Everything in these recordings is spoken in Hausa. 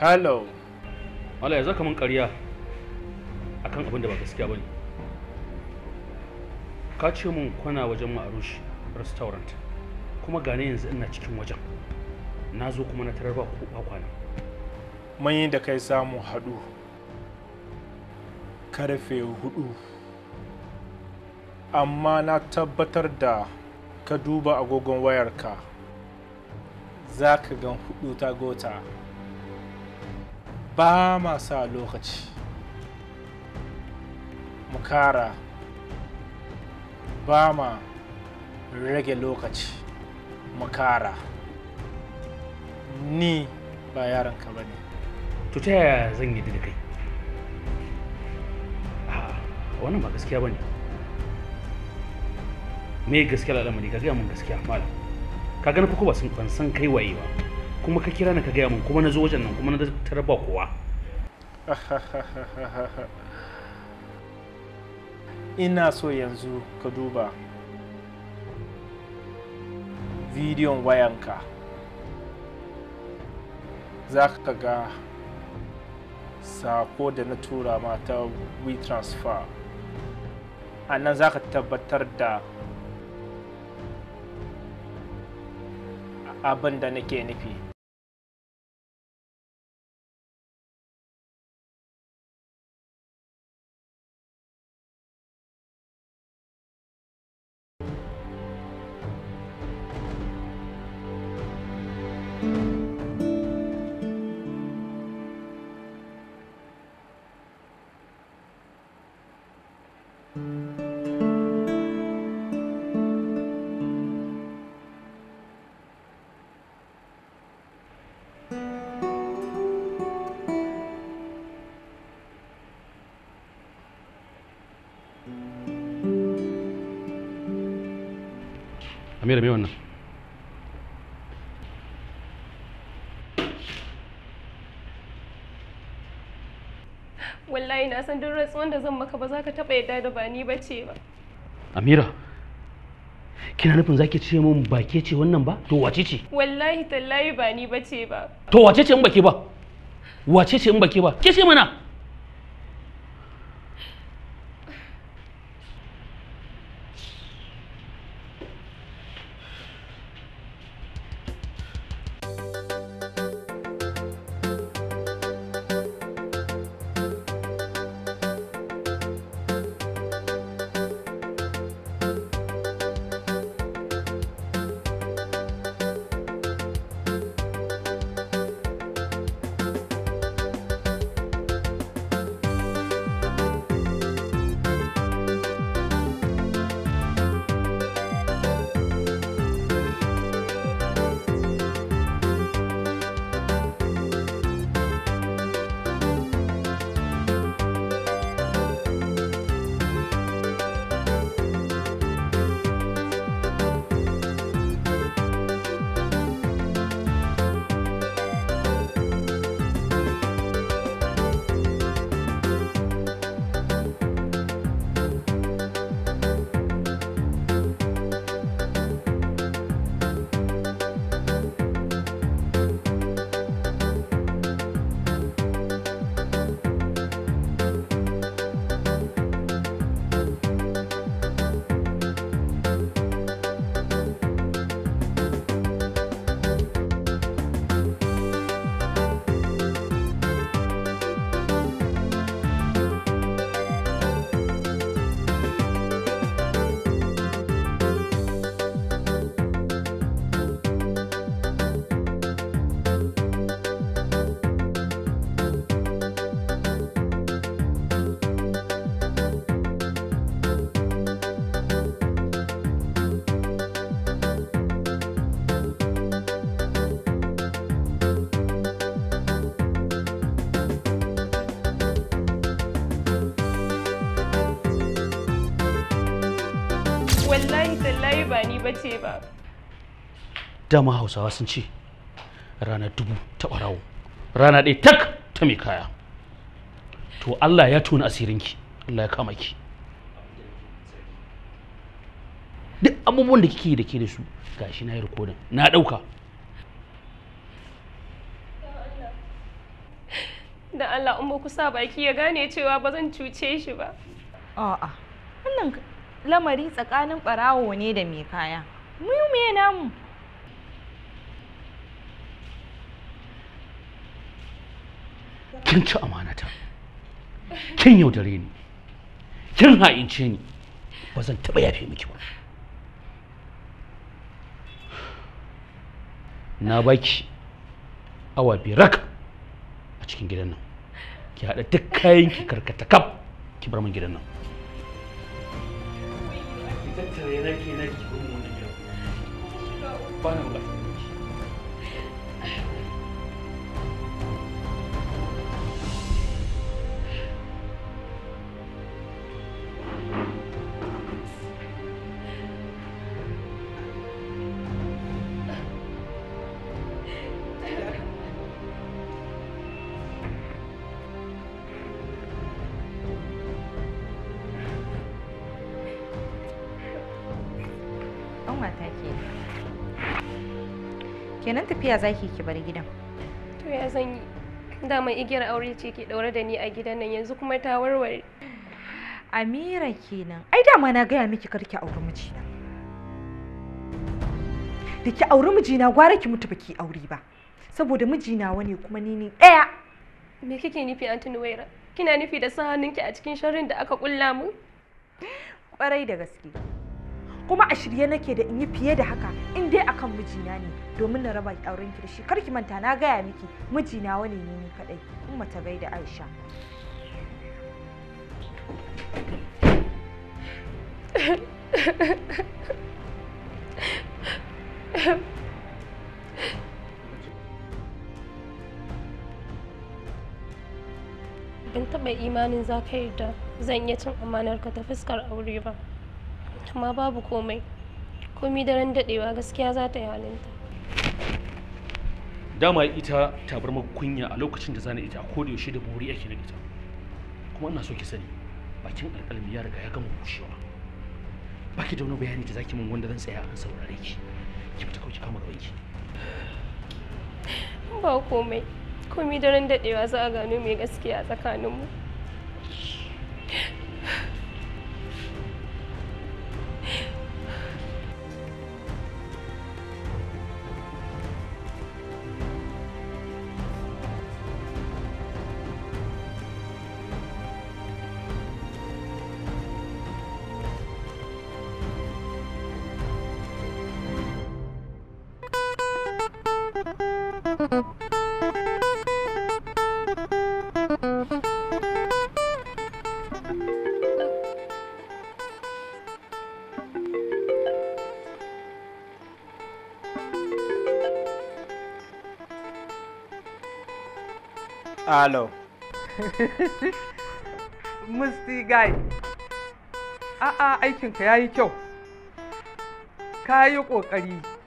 hello Allah ya zaka mun ƙarya akan abin da ba gaskiya bane ka ce mun kwana wajen ma'arushi restaurant kuma gane yanzu ina cikin wajen na zo kuma na tarar ba kwana manyan da kai samu haɗu karfe hudu amma na tabbatar da ka duba agogon wayarka za ka gan hudu ta gota ba ma sa lokaci mu kara ba ma rage lokaci mu kara ni ba yaranka ba ne to ta yaya zan yi da kai wannan ba gaskiya ba ne me gaskiya al'amari ka gaya mun gaskiya malam ka gani ko ba sun san kai waye ba kuma ka kira ni ka gaya min kuma na zo wajen nan kuma na tarar ba kowa ina so yanzu ka duba bidiyon wayanka za ka ga sako da na tura mata transfer a nan za ka tabbatar da abin da nake nufi amira mai wannan wallahi na san duk rantsuwan da zan maka ba za ka taɓa yadda da ba ni ba ce ba amira kina nufin zaki ce min ba ke ce wannan ba to wace ce wallahi tallahi ba ni bace ba to wace ce in bake ba wace ce in bake ba ke ce mana wallahi tallahi ba ni ba ce ba dama hausawa sun ce rana dubu ta ɓarawo rana ɗaya tak ta mai kaya to allah ya tona asirinki allah ya kama ki duk abubuwan da kike da ke da su gashi na yi rikodin na ɗauka da allah in ba ku sa baki ya gane cewa ba zan cuce shi ba a'a wannan lamari tsakanin ɓarawo ne da mai kaya mu namu kin ci amanata kin yaudare ni kin ha'ince ni ba zan taɓa yafe miki ba na baki awa birak a cikin gidan nan ki haɗa duk kayanki ki karkata kaf ki bar mun gidan nan 옛날 옛날 기분 모르게 뻔한 것 같습니다. kenan tafiya zaki ki bar gidan to ya zan yi mai igiyar aure ce ke ɗaure da ni a gidan nan yanzu kuma ta warware amira kenan ai dama na gaya miki karki auri mijina da ki auri mijina gwara ki mutu baki aure ba saboda mijina wani kuma ni ne ɗaya. me kike nufi antin waira kina nufi da sa hannunki a cikin sharrin da aka kulla mu kwarai da gaske kuma a shirye nake da in yi fiye da haka in dai akan mijina ne domin na raba auren ki da shi kar ki manta na gaya miki mijina wani ne ni kadai umma ta gaida Aisha Ban taɓa imanin za ka yarda zan iya cin amanar ka ta fuskar aure ba. amma babu komai komi daren daɗewa gaskiya za ta yi halinta dama ita ta maka kunya a lokacin da zana ita ko da yaushe da buri yake na ita kuma ina so ki sani bakin alƙalmi ya riga ya gama bushewa baki da wani bayani da zaki min wanda zan tsaya an saurare ki ki fita kawai ki kama gaban ki ba komai komai daren daɗewa za a gano mai gaskiya tsakaninmu Alo. Musti guy. A'a aikinka ya yi kyau. Ka yi ƙoƙari.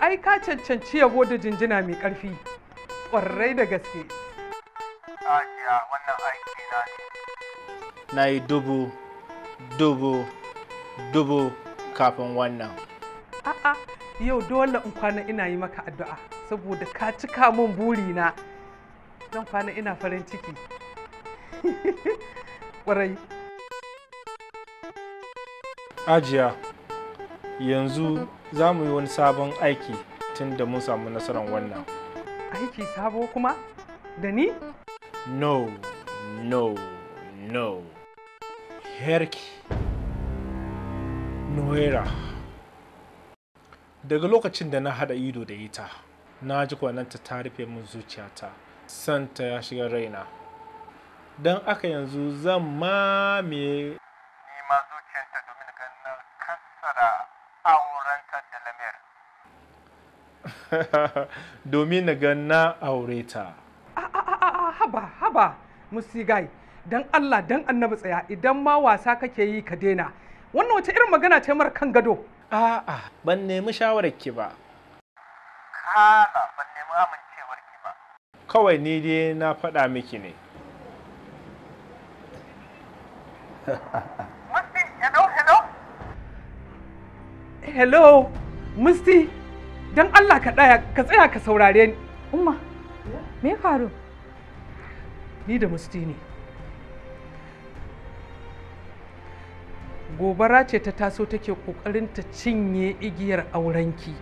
ai ka cancanci yabo da jinjina mai ƙarfi ƙwarai da gaske Ajiya wannan aiki na ne na yi dubu dubu dubu kafin wannan a'a yau dole in kwana ina yi maka addu'a saboda ka cika min burina zan kwana ina farin ciki ƙwarai ajiya yanzu za mu yi wani sabon aiki tun da mun samu nasarar wannan aiki sabo kuma da ni no no no herki noera daga lokacin da na hada ido da ita na ji kwananta ta rufe min zuciyata santa ya shiga raina don aka yanzu zan mamaye ma zuciyarta domin ganin kansara. domin na ga na aure ta haba haba musigai don Allah don annabi tsaya idan ma wasa kake yi ka daina wannan wata irin magana ce mara kan gado a'a ban nemi shawarar ki ba kana ban nemi amincewar ki ba kawai ni dai na faɗa miki ne Musti, hello, hello. Hello, Musti. don Allah ka ɗaya ka tsaya ka saurare ni umma me faru ni da musti ne gobara ce ta taso take kokarin ta cinye igiyar aurenki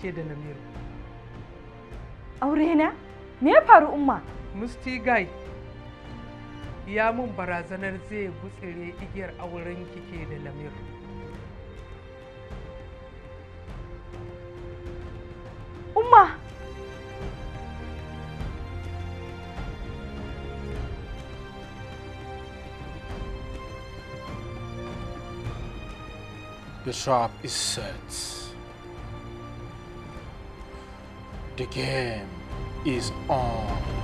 ke da namiru Aurena? me ya faru umma musti guy ya mun barazanar zai gutsire igiyar aurenki ke da namiru The trap is set. The game is on.